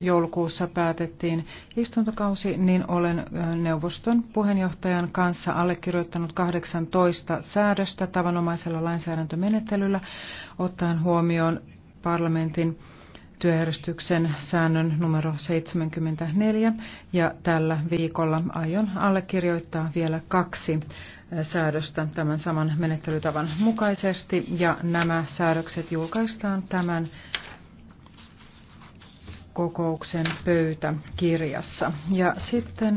joulukuussa päätettiin istuntokausi, niin olen neuvoston puheenjohtajan kanssa allekirjoittanut 18 säädöstä tavanomaisella lainsäädäntömenettelyllä ottaen huomioon parlamentin työjärjestyksen säännön numero 74 ja tällä viikolla aion allekirjoittaa vielä kaksi säädöstä tämän saman menettelytavan mukaisesti ja nämä säädökset julkaistaan tämän kokouksen pöytäkirjassa. Ja sitten